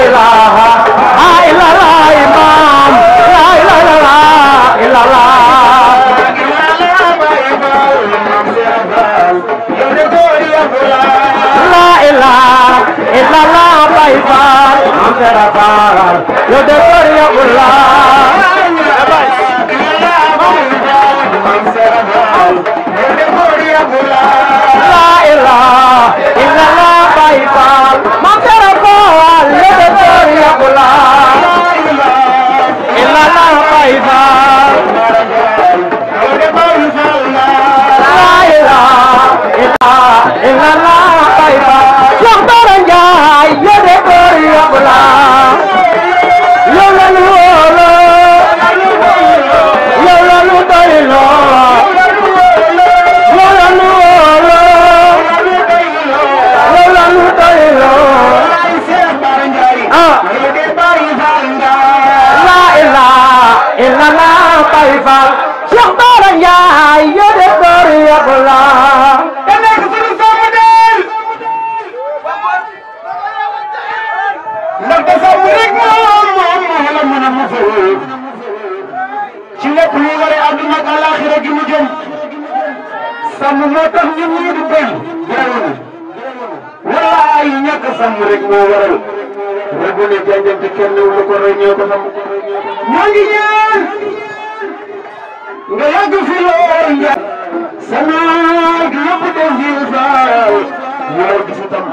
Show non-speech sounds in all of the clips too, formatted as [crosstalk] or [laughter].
لا اله الا الله بايبال ما ترى رب لا إلا لا قائفا لا إله إلا الله قائفا شخص رنجاي يدبر رب لا na laa bay faal Cheikh Bara Ndiaye yéde door yab la te nekk suñu sàmm del ndax dafa am rek moom moom moo la mën a musal ci lépp lu war a àdduna ak alaxira gi mu jëm sàmm moo tax ñun ñu di bañ wallaay ñàkk sàmm rek moo waral rek mu ne jànjante kenn lu ko roy ñoo ko sàmm ñoo ngi ñaan nga yàgg fi lool nga sanaak lépp def fi faal ñu la gis itam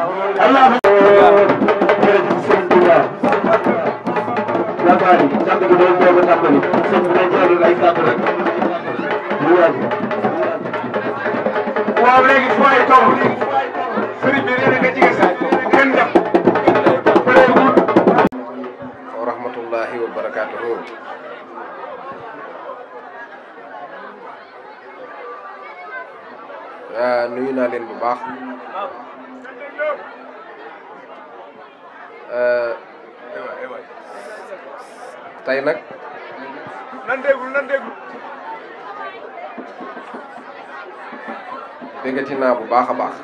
allah jërëjëf sëriñ Tuuba yaakaar yi sant bi doon doog a tàmbali sëñ bi day jël ay kàddu rek mu yàgg waaw léegi fu may toog sëriñ bi nee na nga jigéen Euh, nuyu naa leen bu baax euh, tey nag nan naa bu baax a baax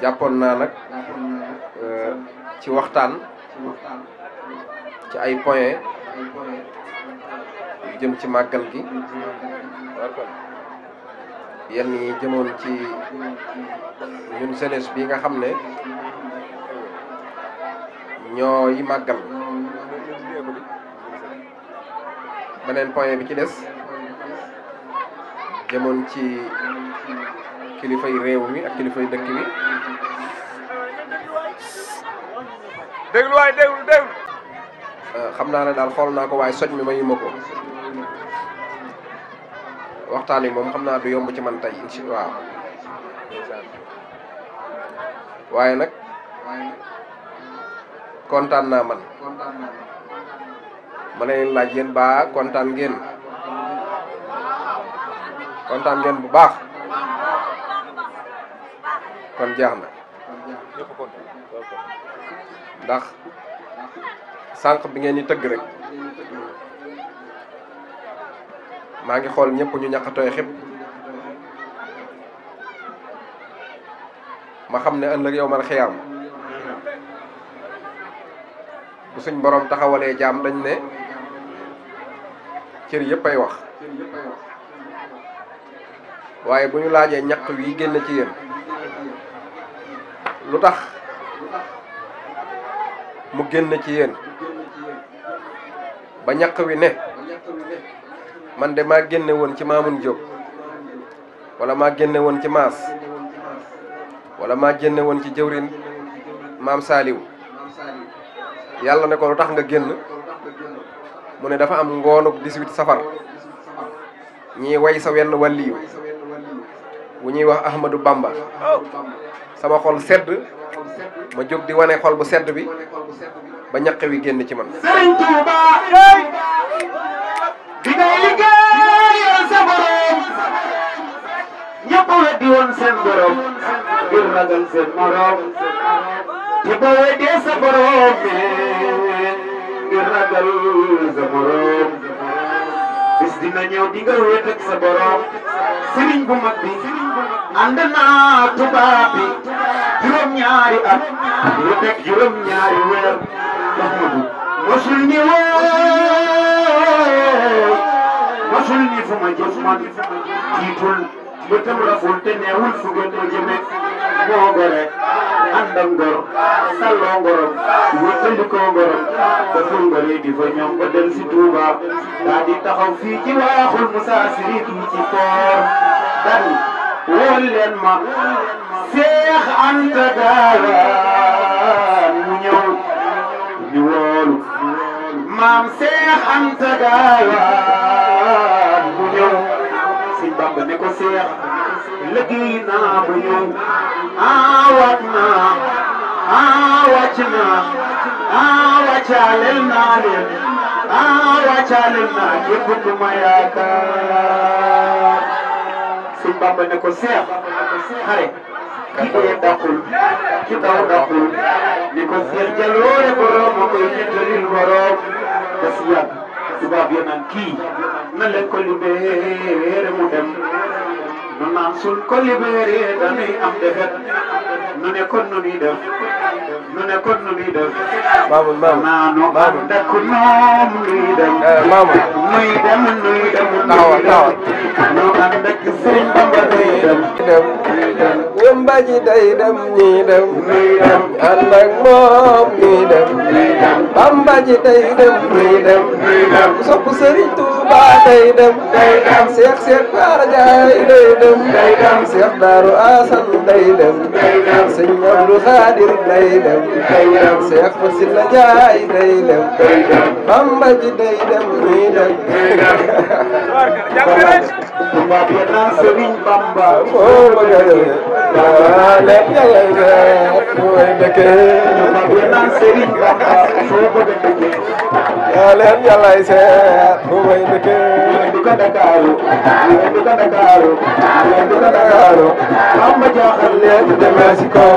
jàppoon naa nag euh, ci waxtaan ci ay point jëm ci màggal gi yenn yi jëmoon ci ñun jeunesse nga xam ne ñooy màggal beneen point bi ci des jëmoon ci kilifay réew mi ak kilifay dëkk bi déglu euh, xam naa ne daal xool naa ko waaye soj mi mayuma ko waxtaan wi moom xam naa du yomb ci man tey incha waaw waaye nag kontaan naa man ma leen laaj yéen baa kontaan ngeen kontaan ngeen bu baax kon jeex na ndax sànq bi ngeen di tëgg rek maa ngi xool ñëpp ñu ñàkk tooy xëpp ma xam ne ëllëg yow mal xiyaam bu suñ borom taxawalee jaam dañ ne cër yëpp ay wax waaye bu ñu laajee ñaq wi génn ci yéen lu tax mu génn ci yéen ba ñaq wi ne man de ma génne woon ci Mamoun Diop wala maa génne woon ci Maas walla ma génne woon ci jëwrin maam Saaliw yàlla ne ko lu tax nga génn mu ne dafa am ngoonuk 18 safar ñii way sa wenn wàlliyu bu ñuy wax Ahmadou Bamba sama xol sedd ma jóg di wane xol bu sedd bi ba ñaq wi génn ci man. di ngay liggéeyal sa borom ñëpp weddi woon seen borom ngir ragal seen morom te ba weddee sa borom ngir ragal sa borom bis dina ñëw di nga wéet ak sa borom sëriñ bu mag bi ànd naa tubaab bi juróom-ñaari at lu teg juróom-ñaari weer mosul ni woon masul ni fu ma jëf man tiitul bëtam raful te neewul fu ngeen ko jëme moo gore àndam ngor salloo ngorom wëttalikoo ngorom ba ful ngoree di fa ñoom ba dem si Touba daa di taxaw fii ci waaxul musaasiri ci koor dan wool leen ma Seex Anta Gaawaan mu ñëw ñu woolu maam Seex Anta Gaawaan bu ñëw si Bamba ne ko Seex liggéey naa bu ñëw ah waat naa ah wàcc naa ah wàccaaleel naa leen ah wàccaaleel naa képp ku ma yaakaar si Bamba ne ko Seex xare ki dee dàqul ki daw dàqul ni ko Seex jaloore borom ma koy jittalil borom gaskiya tubaab ya naan kii na leen ko libéré mu dem nu naan suñ ko libéré dañuy am nu ne kon nu muy def nu ne kon nu eh, muy def. maamul maamul naanu maamul dëkk noom nuy dem. maamul nuy dem nuy dem. taxawal taxawal. nu ànd ak Sëriñ Bamba nuy dem. nuy dem yomba ji day dem ñuy dem. nuy dem ànd ak moom nuy dem. nuy dem Bamba ji day dem nuy dem. nuy dem sopp Sëriñ Tuuba day dem. day dem Seex Seex Baara Jaay day dem. day dem Seex Daaru Asan day dem. day dem. sëñ Abdu Xaadir day dem. day dem Seex Fasil la jaay day dem. day dem Bamba ji day dem. leen yàllaay seet bu may dëkke leen du ko dakaaru leen du ko dakaaru leen du ko dakaaru am ma jaaxal leen demee si kaw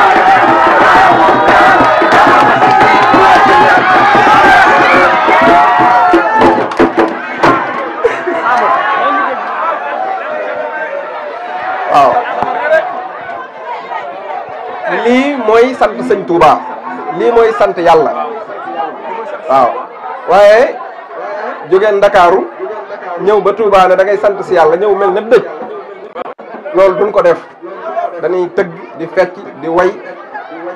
mooy sant sëñ Touba lii mooy sant yàlla waaw waaye jógee ndakaaru ñëw ba Touba ne da ngay sant si yàlla ñëw mel na dëj loolu duñ ko def dañuy tëgg di fecc di way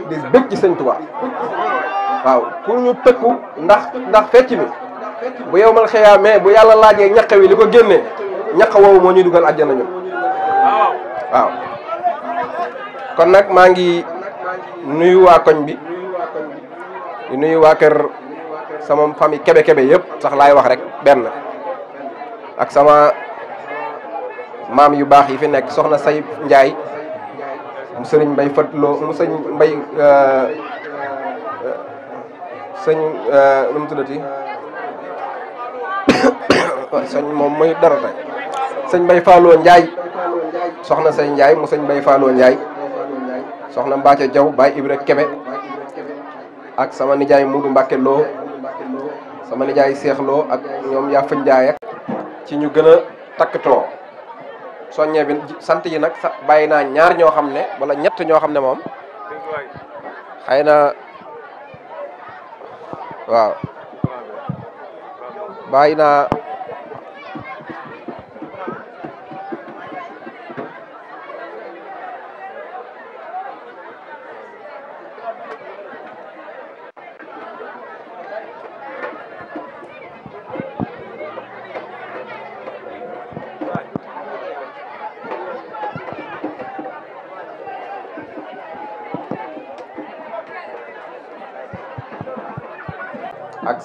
di bëgg ci sëñ Touba waaw pour ñu tëkku ndax ndax fecc bi bu yow mal xiyaamee bu yàlla laajee ñaq wi li ko génnee ñaq woowu moo ñuy dugal nañu ñun waaw kon nag maa ngi nuyu waa koñ bi nuyu waa kër sama famille kebe kebe yëpp sax laay wax rek benn ak sama maam yu baax yi fi nekk soxna say Njaay mu sëriñ mbay fatloo mu sëñ mbay euh, euh, sëñ lu euh, mu tuddati [coughs] sëñ moom mooy dara tey sëñ mbay faaloo Njaay soxna say Njaay mu sëñ mbay faaloo Njaay soxna Mbacke Diaw Baye Ibra Kebe ak sama nijaay Moudou Mbacke Lo sama nijaay Cheikh Lo ak ñoom yaa fa njaay ci ñu gën a takktoo soññee bi sant yi nag sa bàyyi naa ñaar ñoo xam ne wala ñett ñoo xam ne moom xay na waaw bàyyi naa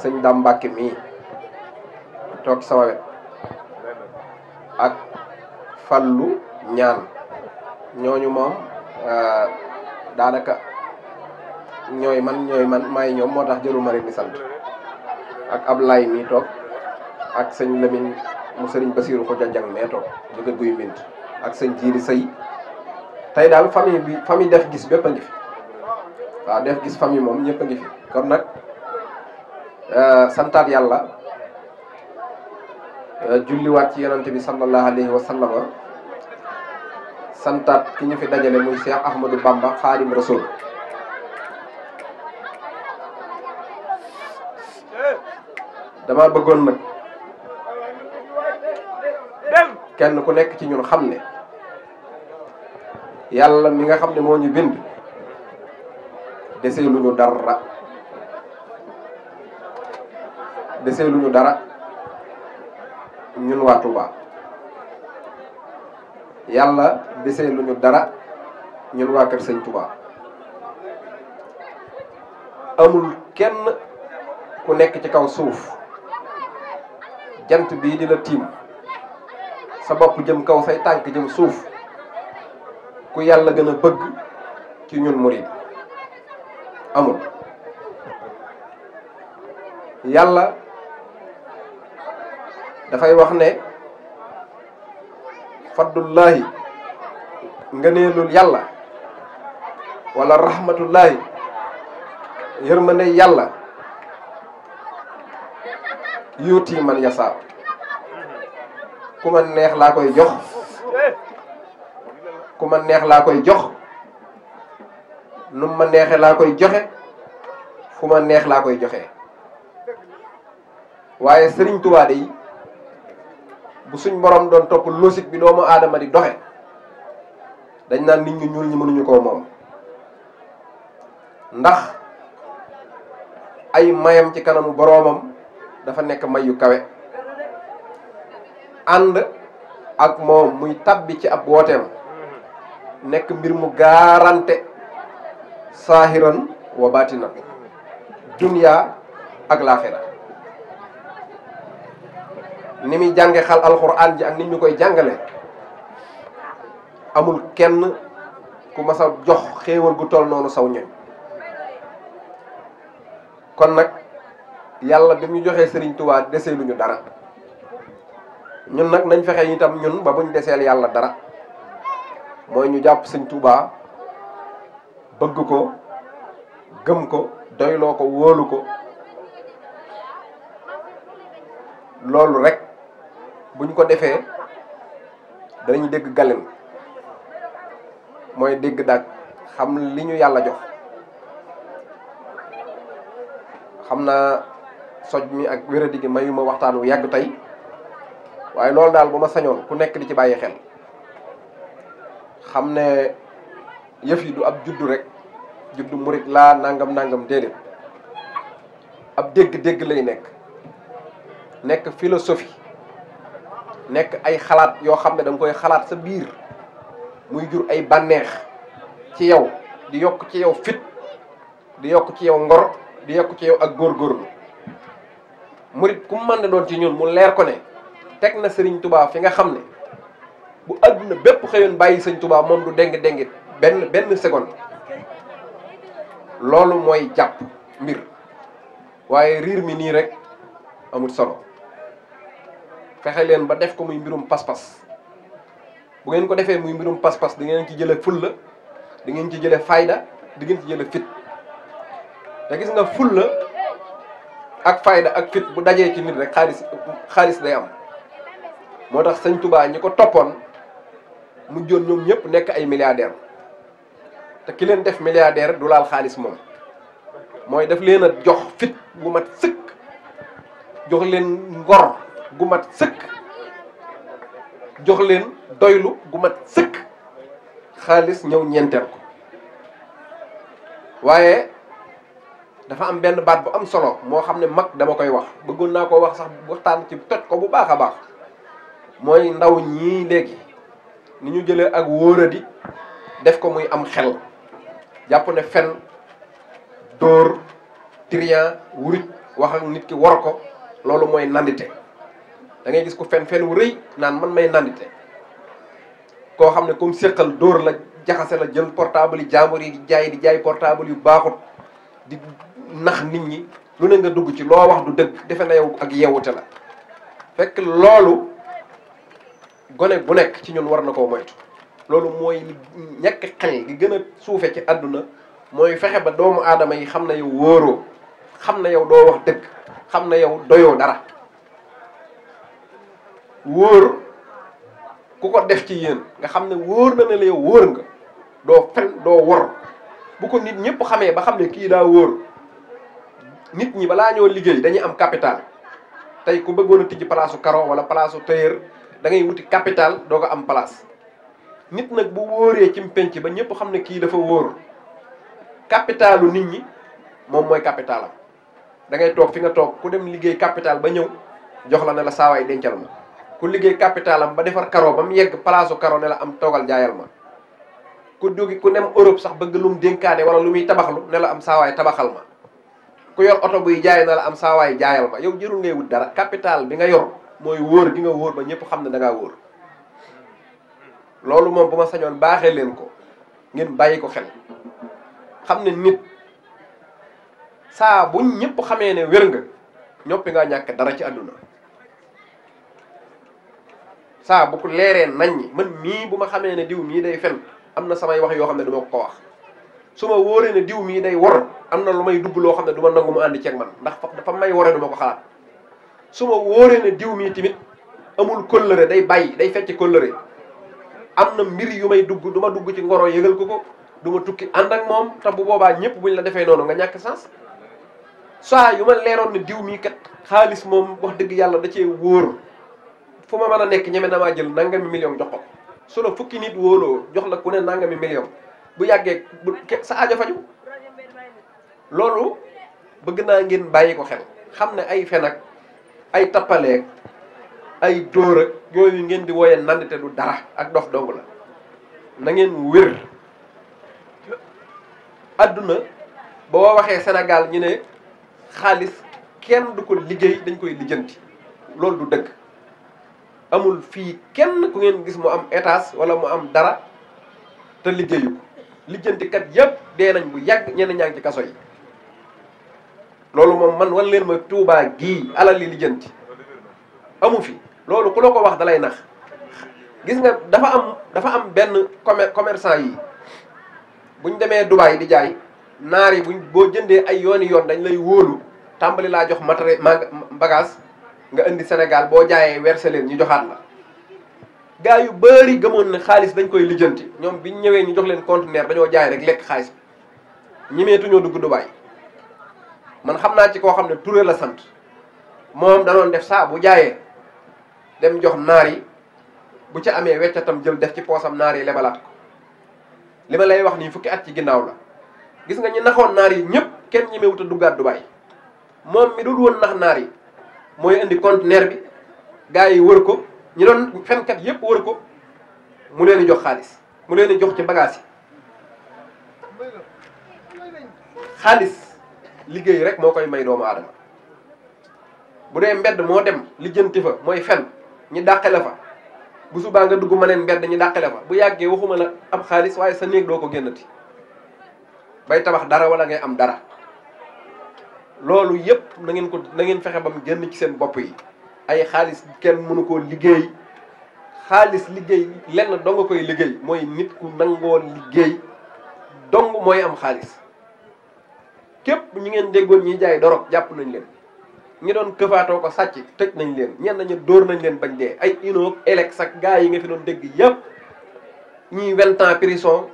sëñ Dame Mbacke mii toog sama ak Fallou ñaan ñooñu moom euh, daanaka ñooy man ñooy man maay ñoom moo tax jëluma rek ni sant ak Ablaye mii toog ak sëñ Lamine mu sëriñ Basiirou ko jajang mee toog jóge guy mint ak sëñ Jiiri Sëy tey daal famille bi famille def gis bépp a waaw def gis famille moom ñëpp a ngi fi kon nag Euh, santaat yàlla euh, julliwaat ci yonante bi sallallahu alayhi wa sallama santaat ki ñu fi dajale muy Cheikh Ahmadou Bamba Xaadim Rasul dama bëggoon nag kenn ku nekk ci ñun xam ne yàlla mi nga xam ne moo ñu bind desee lu ñu dara desee lu ñu dara ñun waa Touba yàlla desee lu ñu dara ñun waa Kër Sëñ Touba amul kenn ku nekk ci kaw suuf jant bii di la tiim sa bopp jëm kaw say tànk jëm suuf ku yàlla gën a bëgg ci ñun murid amul yàlla dafay wax ne faddullahi ngëneelul yàlla wala rahmatullahi yërmande yàlla yuuti man yasaa ku ma neex laa koy jox ku neex laa koy jox nu ma neexe laa koy joxe fu neex laa koy joxe waaye Sëriñ Tuubaa de bu suñ borom doon topp logique bi doomu aadama di doxe dañ naan nit ñu ñuul ñi mënuñu koo moom ndax ay mayam ci kanamu boroomam dafa nekk may yu kawe ànd ak moom muy tàbbi ci ab wooteem nekk mbir mu gaarante saahiran wa baatina dunya ak laaxira ni muy jànge xal alxuraan ji ak nit ñu koy jàngale amul kenn ku mas jox xéewal gu toll noonu saw ñoñ kon nag yàlla bi ñu joxee Sëriñ Tuubaa desee lu ñu dara ñun nag nañ fexe itam ñun ba buñ deseel yàlla dara mooy ñu jàpp Sëriñ Tuubaa bëgg ko gëm ko doyloo ko wóolu ko loolu rekk bu ñu ko defee danañu dégg galen mooy dégg dag xam li ñu yàlla jox xam naa soj mi ak wéradi gi mayuma waxtaan wu yàgg tey waaye loolu daal bu ma sañoon ku nekk di ci bàyyi xel xam ne yëf yi du ab juddu rek juddu murit laa nangam nangam déedéet ab dégg-dégg lay nekk nekk philosophie nekk ay xalaat yoo xam ne da koy xalaat sa biir muy jur ay bànneex ci yow di yokk ci yow fit di yokk ci yow ngor di yokk ci yow ak góorgóorlu murit ku mu mën na doon ci ñun mu leer ko ne teg na sëriñ tubaab fi nga xam ne bu àdduna bépp xëyoon bàyyi Serigne tubaab moom du deng dengit benn benn seconde loolu mooy jàpp mbir waaye riir mi nii rek amul solo. fexe leen ba def ko muy mbirum pas-pas bu ngeen ko defee muy mbirum pas-pas di ngeen ci jële fulla di ngeen ci jële fayda di ngeen ci jële fit te gis nga fulla ak fayda ak fit bu dajee ci nit rek xaalis xaalis day am moo tax sañ Touba ñi ko toppoon mu mujjoon ñoom ñëpp nekk ay milliardaire te ki leen def milliardaire du laal xaalis moom mooy def leen a jox fit bu mat sëkk jox leen ngor gu mat sëkk jox leen doylu gu mat sëkk xaalis ñëw ñeenteel ko waaye dafa am benn baat bu am solo moo xam ne mag dama koy wax bëggoon naa ko wax sax waxtaan ci toj ko bu baax a baax mooy ndaw ñii léegi ni ñu jëlee ak wóoradi def ko muy am xel jàpp ne fen dóor trian wuruj wax ak nit ki war ko loolu mooy nandite dangay gis ko fen fen wu rëy naan man may nandite koo xam ne comme séqal dóor la jaxase la jël portable yi jàmbur yi di jaay di jaay portable yu baaxut di nax nit ñi lu ne nga dugg ci loo wax du dëgg defe na yow ak yeewute la fekk loolu gone bu nekk ci ñun war na koo moytu loolu mooy ñàkk xel gi gën a suufe ci àdduna mooy fexe ba doomu aadama yi xam na yow wóoroo xam na yow doo wax dëgg xam na yow doyoo dara wóor ku ko def ci yéen nga xam ne wóor na ne la yow wóor nga doo fen doo wor bu ko nit ñëpp xamee ba xam ne kii daa wóor nit ñi balaa ñoo liggéey dañuy am capital tey ku bëggoon a tijji palaasu karo wala palaasu tailleur da ngay wuti capital doo ko am place nit nag bu wóoree cim penc ba ñëpp xam ne kii dafa wóor capitalu nit ñi moom mooy capitalam dangay toog fi nga toog ku dem liggéey capital ba ñëw jox la ne la saawaay dencal ma ku liggéey capital ba defar karo ba mu yegg palaasu karo ne la am toogal jaayal ma ku jógi ku nem Europe sax bëgg lu mu dénkaane wala lu muy tabaxlu ne la am saawaay tabaxal ma ku yor oto buy jaay ne la am saawaay jaayal ma yow jërul ngay wut dara capital bi nga yor mooy wóor gi nga wóor ba ñëpp xam ne da ngaa loolu moom bu sañoon baaxee leen ko ngeen bàyyi ko xel xam ne nit saa bu ñëpp xamee ne wér nga ñoppi nga ñàkk dara ci àdduna saa bu ko leeree naññ man mii bu ma xamee ne diw mii day fen am na samay wax yoo xam ne du ma ko wax su ma wóoree ne diw mii day wor am na lu may dugg loo xam ne du ma nangu mu ànd ceeg man ndax dafa may waree du ma ko xalaat ma wóoree ne diw mii tamit amul kóllëre day bàyyi day fecc kóllëre am na mbir yu may dugg du ma dugg ci ngoro yëgal ko ko du ma tukki ànd ak moom te bu boobaa ñëpp buñ la defee noonu nga ñàkk sens saa yu ma leeroon ne diw mii kat xaalis moom wax dëgg yàlla da cee wóoru fu ma mën a nekk ñeme na maa jël nangami million jox ko su la fukki nit wóoloo jox la ku ne nangami million bu yàggee bu sa aajo faju loolu bëgg naa ngeen bàyyi ko xel xam ne ay fen ak ay tappaleeg ay dóor ak yooyu ngeen di wooyee nandite du dara ak dof dong la na ngeen wér adduna boo waxee senegal ñu ne xaalis kenn du ko liggéey dañ koy lijjanti loolu du dëkk amul fii kenn ku ngeen gis mu am étage wala mu am dara te liggéeyu lijjantikat yëpp dee nañ bu yàgg ñenn ñaa ngi ci kaso yi loolu moom man wan leen ma Touba gii alal li lijjanti amu fi loolu ku la ko wax dalay nax gis nga dafa am dafa am benn comme commerçant yi buñ demee Dubaay di jaay naar yi buñ boo jëndee ay yooni yoon dañ lay wóolu tàmbali laa jox matériel bagage nga indi senegal boo jaayee werse leen ñu joxaat la gaa yu bëri gëmoon ne xaalis dañ koy lijjanti ñoom biñ ñëwee ñu jox leen conteneur dañoo jaay rek lekk xaalis bi ñimeetuñoo dugg Dubaay man xam naa ci koo xam ne Touré la sant moom danoon def saa bu jaayee dem jox naar yi bu ci amee weccatam jël def ci poosam naar yi lebalaat ko li ma lay wax nii fukki at ci ginnaaw la gis nga ñu naxoon naar yi ñëpp kenn ñemewut a duggaat Dubaay moom mi dul woon nax naar yi mooy indi conteneur bi gars yi wër ko ñi doon fenkat yépp wër ko mu leen di jox xaalis mu leen di jox ci bagage yi xaalis liggéey rek moo koy may doomu aadama bu dee mbedd moo dem lijjanti fa mooy fen ñi dàqale fa bu subaa nga dugg ma neen mbedd ñi dàqale fa bu yàggee waxuma la am xaalis waaye sa néeg doo ko génnati bay tabax dara wala ngay am dara loolu yépp na ngeen ko na ngeen fexe ba mu génn ci seen bopp yi ay xaalis kenn mënu koo liggéey xaalis liggéey lenn dong koy liggéey mooy nit ku nangoo liggéey dong mooy am xaalis képp ñu ngeen déggoon ñi jaay dorog jàpp nañ leen ñi doon këfaatoo ko sàcc tëj nañ leen ñenn dóor nañ leen bañ dee ay unoog elex sa gars yi nga fi doon dégg yépp ñii vingt ans prison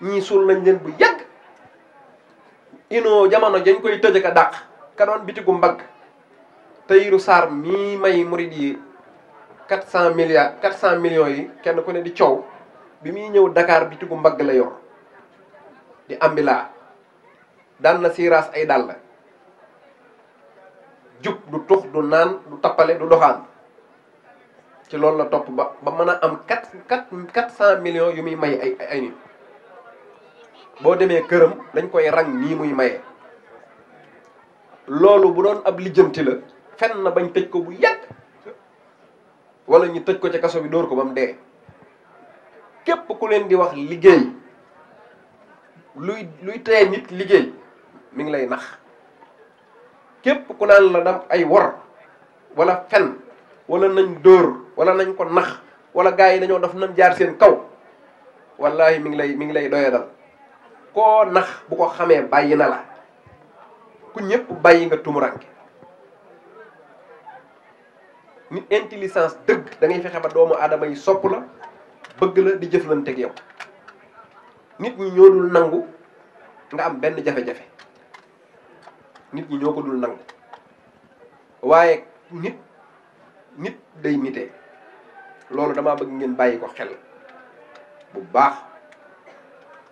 ñii suul nañ leen bu yàgg inoo jamono dañ koy tëj ak a dàq kanoon bitigu mbagg Tahirou Sarr mii may murid yi quatre cent milliards quatre cent millions yi kenn ku ne di coow bi muy ñëw dakaar bitigu mbagg la yor di ambila daan na siiraas ay dàll jub du tux du naan du tappale du doxaan ci loolu la topp ba ba mën a am quatre quatre quatre cent millions yu muy may ay ay nit boo demee këram dañ koy rang nii muy maye loolu bu doon ab lijjanti la fenn na bañ tëj ko bu yàgg wala ñu tëj ko ci kaso bi dóor ko ba mu dee képp ku leen di wax liggéey luy luy teye nit liggéey mi ngi lay nax képp ku naan la dam ay wor wala fen walla nañ dóor wala nañ ko nax walla gaa yi nañoo daf nam jaar seen kaw wallahi mi ngi lay mi ngi lay doya dal koo nax bu ko xamee bàyyi na la ku ñëpp bàyyi nga tumuranke ni intelligence dëgg da ngay fexe ba doomu aadama yi sopp la bëgg la di jëflanteeg yow nit ñi ñoo dul nangu nga am benn jafe-jafe nit ñi ñoo ko dul nangu waaye nit nit day nitee loolu damaa bëgg ngeen bàyyi ko xel bu baax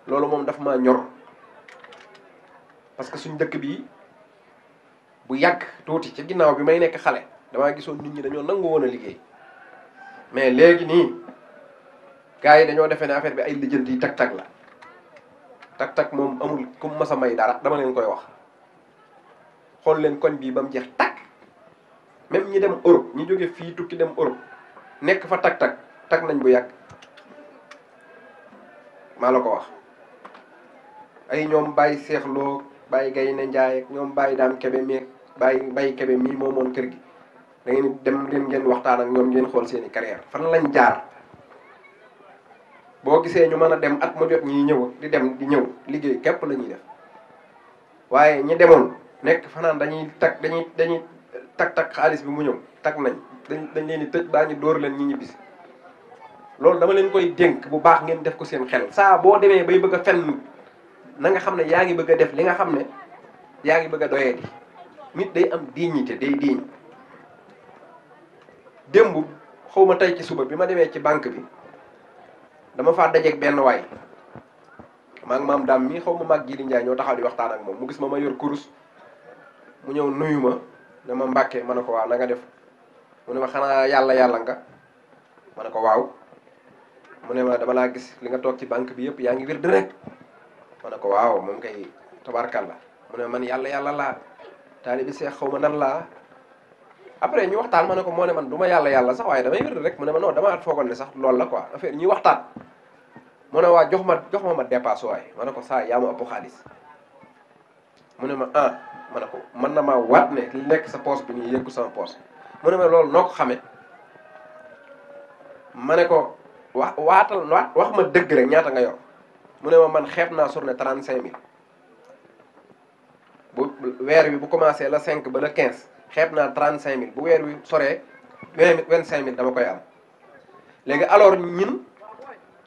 loolu moom daf ma ñor parce que suñ dëkk bii bu yàgg tuuti ci ginnaaw bi may nekk xale damaa gisoon nit ñi dañoo nangu woon a liggéey mais léegi nii gars yi dañoo defee ne affaire bi ay lijjant yi tag-tag la tag tak moom amul comme masa may dara dama leen koy wax xool leen koñ bii ba mu jeex tag même ñi dem Europe ñi jóge fii tukki dem Europe nekk fa tag-tag tag nañ bu yàgg maa la ko wax ay ñoom bàyyi seexloo bàyyi gay ne njaay ñoom bàyyi daam kebe meeg baay bàyyi kebe mii moomoon kër gi dangeen ngeen dem leen ngeen waxtaan ak ñoom ngeen xool seen i fan lañ jaar boo gisee ñu mën a dem at mu ñi ñëw di dem di ñëw liggéey képp la ñuy def waaye ñi demoon nekk fanaan dañuy tak dañuy dañuy tak tak xaalis bi mu ñëw tak nañ dañ dañ leen di tëj baa ñu dóor leen ñi ñibbisi loolu dama leen koy dénk bu baax ngeen def ko seen xel saa boo demee bay bëgg a fenn nanga xam ne yaa ngi bëgg a def li nga xam ne yaa ngi bëgg a doye nit day am dignité day digne démb ma tey ci suba bi ma demee ci banque bi dama faa dajeeg benn waay maag maam daam mi xaw ma maag Jili Njaay ñoo taxaw di waxtaan ak moom mu gis ma ma yor kurus mu ñëw nuyu ma ne ma mbàkkee ma ne ko waaw na nga def mu ne ma xanaa yàlla yàlla nga ma ne ko waaw mu ne ma dama laa gis li nga toog ci banque bi yëpp yaa ngi wér di rek ma ko waaw moom kay tabarkalla mu ne man yàlla yàlla laa taalibi seex xaw ma nan laa après ñu waxtaan ma ne ko moo ne man du ma yàlla yàlla sax waaye damay wér rek mu ne ma non damaa foogoon ne sax loolu la quoi affaire ñuy waxtaan mu ne waa jox ma jox ma ma dépasse waaye ma ko saa yaa ma xaalis mu ne ma ah ma ko mën na maa waat ne li nekk sa poos bi nii yëngu sama poos mu ne ma loolu noo ko xamee ma ne ko wax waatal wax ma dëgg rek ñaata nga yor mu ne ma man xeeb naa sur ne trente cinq mille bu weer wi bu commencé la 5 ba la quinze xeeb naa 35000 bu weer wi soree 20 25000 dama koy am léegi alors ñun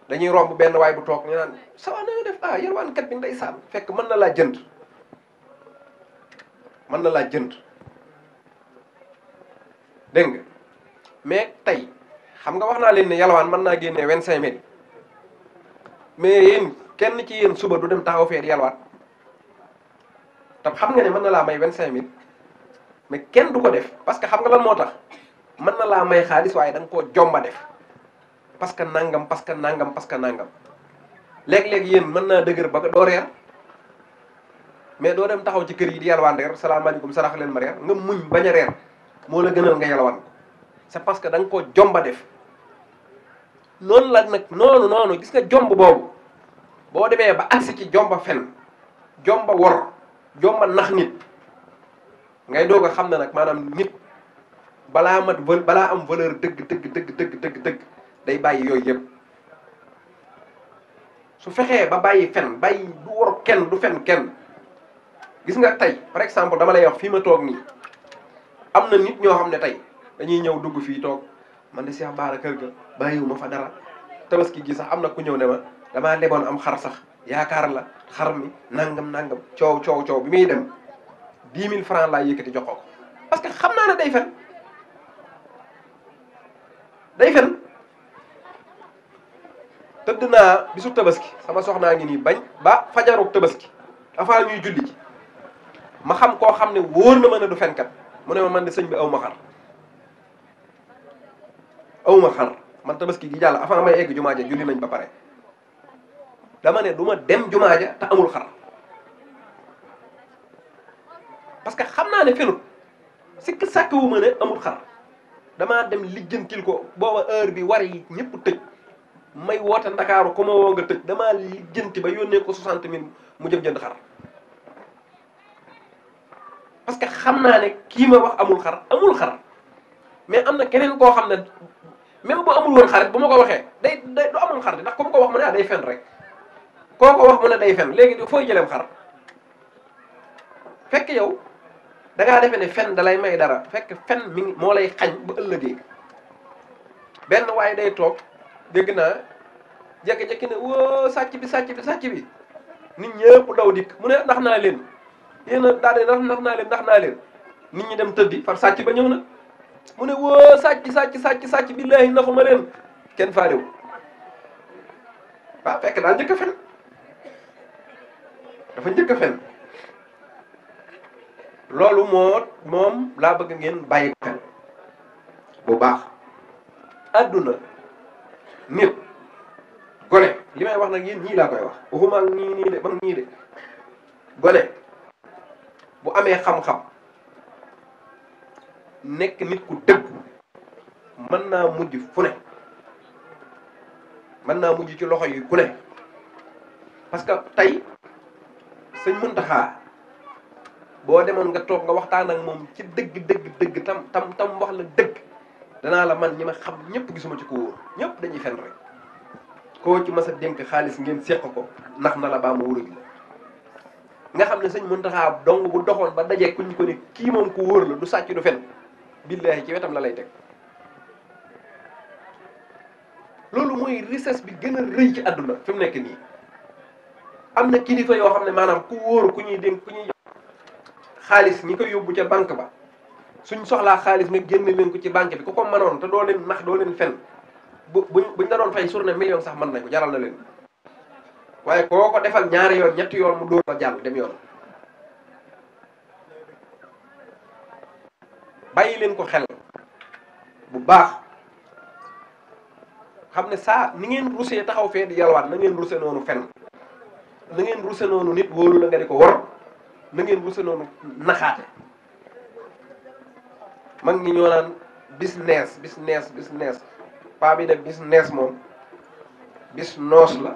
dañuy romb benn waay bu toog ñu naan sawa na def ah yërwaankat bi ndeysaan fekk mën na laa jënd mën na laa jënd dégg nga mais tey xam nga wax naa leen ne yalwaan mën naa génnee vingt cinq mille mais yéen kenn ci yéen suba du dem taxaw fee di yalwaat tam xam nga ne mën na laa may vingt cinq mille mais kenn du ko def parce que xam nga lan moo tax mën na laa may xaalis waaye da nga koo jomba def parce que nangam parce que nangam parce que nangam léeg-léeg yéen mën naa dëgër ba doo reer mais doo dem taxaw ci kër yi di yalwaan reer salaamaaleykum sarax leen ma reer nga muñ bañ a reer moo la gënal nga yalwaan ko c'est parce que da koo jomba def noonu la nag noonu noonu gis nga jomb boobu boo demee ba agsi ci jomba fen jomba wor jomba nax nit ngay doog xam ne nag maanaam nit balaa mat balaa am valeur dëgg dëgg dëgg dëgg dëgg dëgg day bàyyi yooyu yëpp su fexee ba bàyyi fen bàyyi du war kenn du fen kenn gis nga tey par exemple dama lay wax fii ma toog nii am na nit ñoo xam ne tey dañuy ñëw dugg fii toog man de Cheikh Bara kër ga bàyyiwu ma fa dara tabaski gi sax am na ku ñëw ne ma damaa leboon am xar sax yaakaar la xar mi nangam nangam coow coow coow bi muy dem dix mille francs laa yëkkati jox ko parce que xam naa ne day fen day fen tëdd naa bisu tabaski sama soxnaa ngi nii bañ ba fajaru tabaski avant ñuy julli ji ma xam koo xam ne wóor na ma ne du fenkat mu ne ma man de sëñ bi aw ma xar aw ma xar man tabaski gi jàll avant may egg jumaa ja julli nañ ba pare dama ne du ma dem jumaa ja te amul xar parce que xam naa ne fenut sikk sàkk wu ma ne amul xar damaa dem lijjantil ko booba heure bi war yi ñëpp tëj may woote ndakaaru ko ma woo nga tëj damaa lijjanti ba yónnee ko 60 000 mu jëm jënd xar parce que xam naa ne kii ma wax amul xar amul xar mais am na keneen koo xam ne même bu amul woon xarit bu ma ko waxee day day du amul xarit ndax comme ko wax ma ne ah day fen rek kooko wax mu ne day fen léegi fooy jëlem xar fekk yow dangaa ngaa ne fen dalay may dara fekk fen mi ngi moo lay xañ ba ëllëgee benn waaye day toog dégg naa jékki-jékki ne woo sàcc bi sàcc bi sàcc bi nit ñëpp daw dikk mu ne ndax naa leen yéen a daal naa leen ndax naa leen nit ñi dem tëddi far sàcc ba ñëw na mu ne woo sàcc sàcc sàcc sàcc billaahi naxuma leen kenn faalewu waaw fekk daal njëkk fen dafa njëkk a fen loolu moo moom laa bëgg ngeen bàyyi xel bu baax àdduna nit gole li may wax nag yéen ñii laa koy wax waxuma ak ñii nii de ba ñii de gone bu amee xam-xam nekk nit ku dëgg mën naa mujj fu ne mën naa mujj ci loxo yi ku ne tey sëñ Muntaxa boo demoon nga toog nga waxtaan ak moom ci dëgg dëgg dëgg tam tam tam wax la dëgg danaa la man ñi ma xam ñëpp gisuma ci ko wóor ñëpp dañuy fen rek koo ci mas a dénk xaalis ngeen séq ko nax na la baa ma wóorul la nga xam ne sëñ Muntaxa dong bu doxoon ba dajee kuñ ko ne kii moom ku wóor la du sàcc du fen billaahi ci wetam la lay teg loolu mooy richesse bi gën a rëy ci àdduna fi mu nekk nii am na kilifa yoo xam ne maanaam ku wóor ku ñuy dénk ku ñuy xaalis ñi ko yóbbu ca banque ba suñ soxlaa xaalis nga génn leen ko ci banque bi ku ko mënoon te doo leen nax doo leen fen bu buñ la doon fay surne sax mën nañ jaral na leen waaye koo ko defal ñaari yoon ñetti yoon mu dóor la jàll dem yoon bàyyi leen ko xel bu baax xam ne saa ni ngeen rusee taxaw fee di yalwaat na ngeen rusee noonu fen na ngeen ruse noonu nit wóolu la nga di ko wor na ngeen ruse noonu naxaate mag ñi ñoo naan business business business paa bi de business moom bis noos la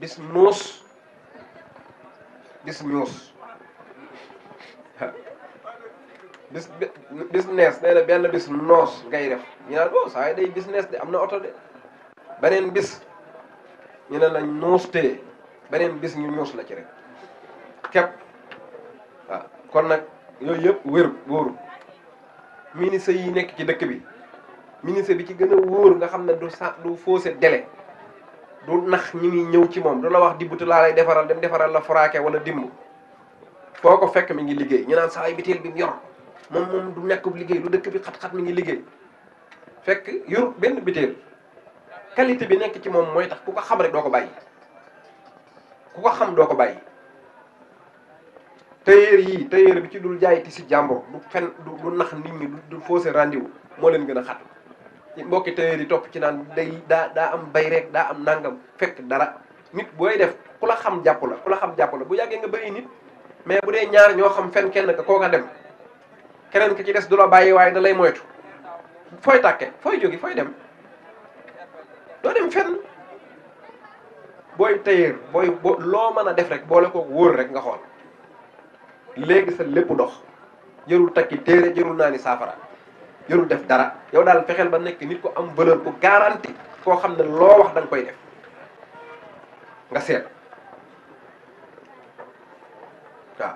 bis noos bis ñoos bis business nee na benn bis noos ngay def ñu naan oh saa de am na oto de beneen bis ñu ne la noos tee beneen bis ñu ñuus la ci rek képp waaw kon nag yooyu yëpp wér wóoru ministre yi nekk ci dëkk bi ministre bi ci gën a wóor nga xam ne du sa du faussé délai du nax ñi ngi ñëw ci moom du la wax dibbut laa lay defaral dem defaral la foraake wala dimb foo ko fekk mi ngi liggéey ñu naan saa yi biteel bi mu yor moom moom du ñàkkub liggéey lu dëkk bi xat-xat mi ngi liggéey fekk yor benn biteel qualité bi nekk ci moom mooy tax ku ko xam rek doo ko bàyyi ku ko xam doo ko bàyyi tailleur yii tailleur bi ci dul jaay tissu jàmbur du fen du nax nit ñi du faussé rendez-vous moo leen gën a xat mbokki tailleur yi topp ci naan day daa daa am bay rek daa am nangam fekk dara nit booy def ku la xam jàpp la ku la xam jàpp la bu yàggee nga bëri nit mais bu dee ñaar ñoo xam fen kenn ka kooka dem keneen ki ci des du la bàyyi waaye dalay moytu fooy tàkke fooy jóge fooy dem doo dem fenn booy tailleur booy bo loo mën a def rek boole kook wóor rek nga xool léegi sa lépp dox jërul takki téere jërul naa ni saafara jërul def dara yow daal fexeel ba nekk nit ko am valeur ku garanti koo xam ne loo wax da koy def nga seet waaw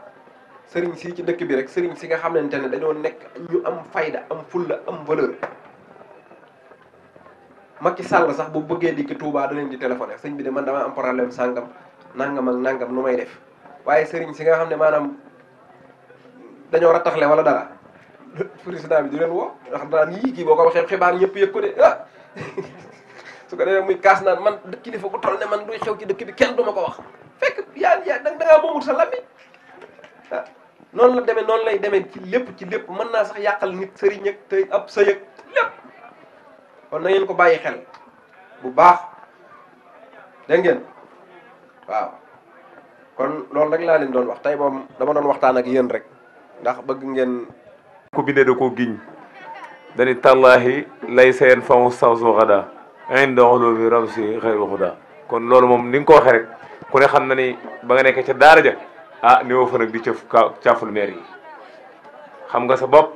sëriñ si ci dëkk bi rek sëriñ si nga xamante ne dañoo nekk ñu am fayda am fulla am valeur Macky Sall sax bu bëggee dikk Touba da leen di téléphoné sëñ bi de man damaa am problème sangam nangam ak nangam nu may def waaye sëriñ si nga xam ne maanaam dañoo rattaxle walla dara [laughs] président bi di leen woo ndax daan yii boo ko waxee xibaar ñëpp yëg ko de ah [laughs] su ko defee muy kaas naan man kilifa bu toll ne man duy xew ci dëkk bi kenn du ko wax fekk yaa yaa da ngaa sa lammi ah noonu la demee noonu lay demee ci lépp ci lépp mën naa sax yàqal nit sëriñ ak tey ab sa yëg lépp kon na ngeen ko bàyyi xel bu baax dégg ngeen waaw kon loolu rek laa leen doon wax tey moom dama doon waxtaan ak yéen rek ndax bëgg ngeen ko bindee da ko giñ dani tallaahi lay seen famu sansu xada inde xulubi si xayru xuda kon loolu moom ni nga ko waxee rek ku ne xam na ni ba nga nekk ca daara ja ah ni woo fa nag di cëf caaful meer yi xam nga sa bopp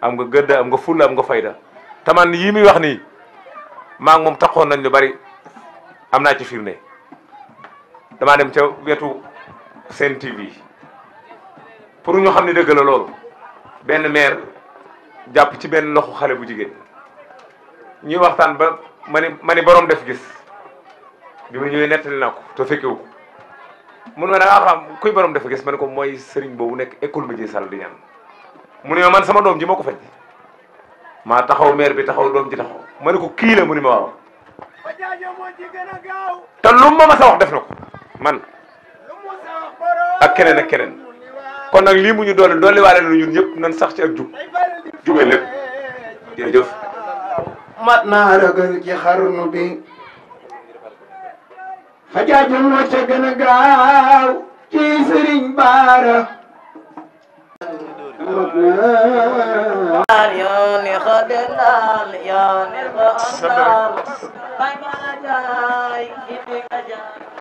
am nga gëdd am nga fulla am nga fayda te yii muy wax nii maa ngi moom taxoon nañ lu bari am naa ci firnde damaa dem ca wetu seen TV pour ñu xam ne dëgg la loolu benn meer jàpp ci benn loxo xale bu jigéen ñuy waxtaan ba ma ni ma ni borom def gis bi ma ñëwee nettali naa ko te fekkewu ko mun ma da ngaa xam kuy borom def gis ma ne ko mooy sëriñ boobu nekk école médié sall di ñaan mu ne man sama doom ji moo ko faj maa taxaw maire bi taxaw doom ji taxaw ma ne ko kii la mu ni ma waaw te lu ma ma sa def na ko man ak keneen ak keneen kon nag lii mu ñu doole doole waale na ñun ñëpp nan sax ci ak jub jube lépp jërëjëf mat naa ragal ci xarnu bi fajaajo moo ca gën a gaaw ci sëriñ baara yooni xodinal yooni xodinal bay ma jaay indi ka jaay